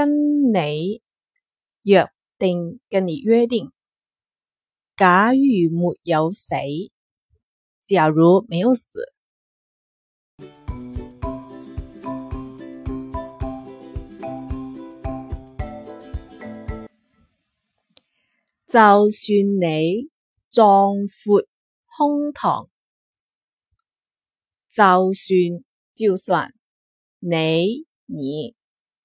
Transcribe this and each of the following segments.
跟你約定，跟你約定。假如沒有死，假如沒有死，就算你壯闊胸膛，就算就算你你。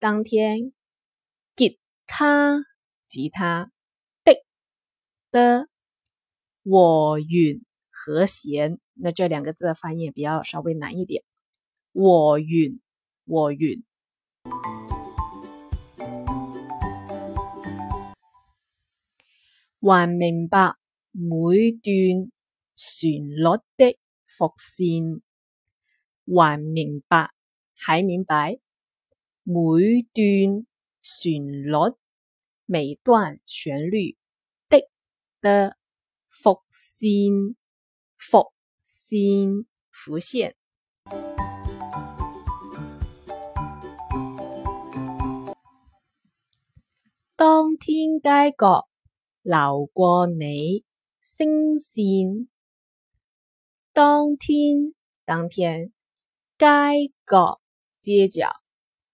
當天，吉他、吉他的的和弦和弦，那這兩個字的翻譯也比較稍微難一點。和弦，和弦。還明白每段旋律的伏線？還明白？還明白？每段旋律，每段旋律的的伏線，伏線，伏線。當天街角流過你聲線，當天，當天街角街角。